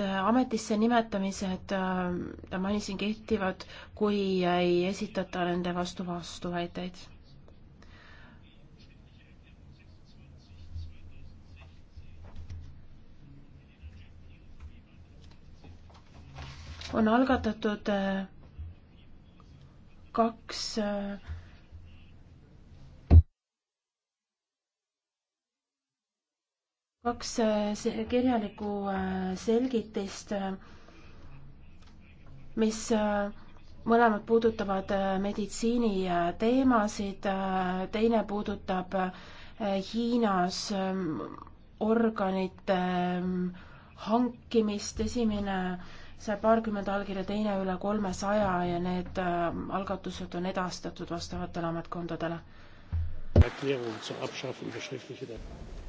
Äh, ametisse nimetamised, äh, mida mainisin, kehtivad, kui ei esitata nende vastu vastuväiteid. on algatatud äh, kaks kaks äh, kirjalikku äh, selgitist, äh, mis mõlemad puudutavad meditsiiniteemasid, teine puudutab Hiinas organite hankimist, esimene sai paarkümmend allkirja, teine üle kolmesaja ja need algatused on edastatud vastavatele ametkondadele. Erklärung zur Abschaffung der schriftlichen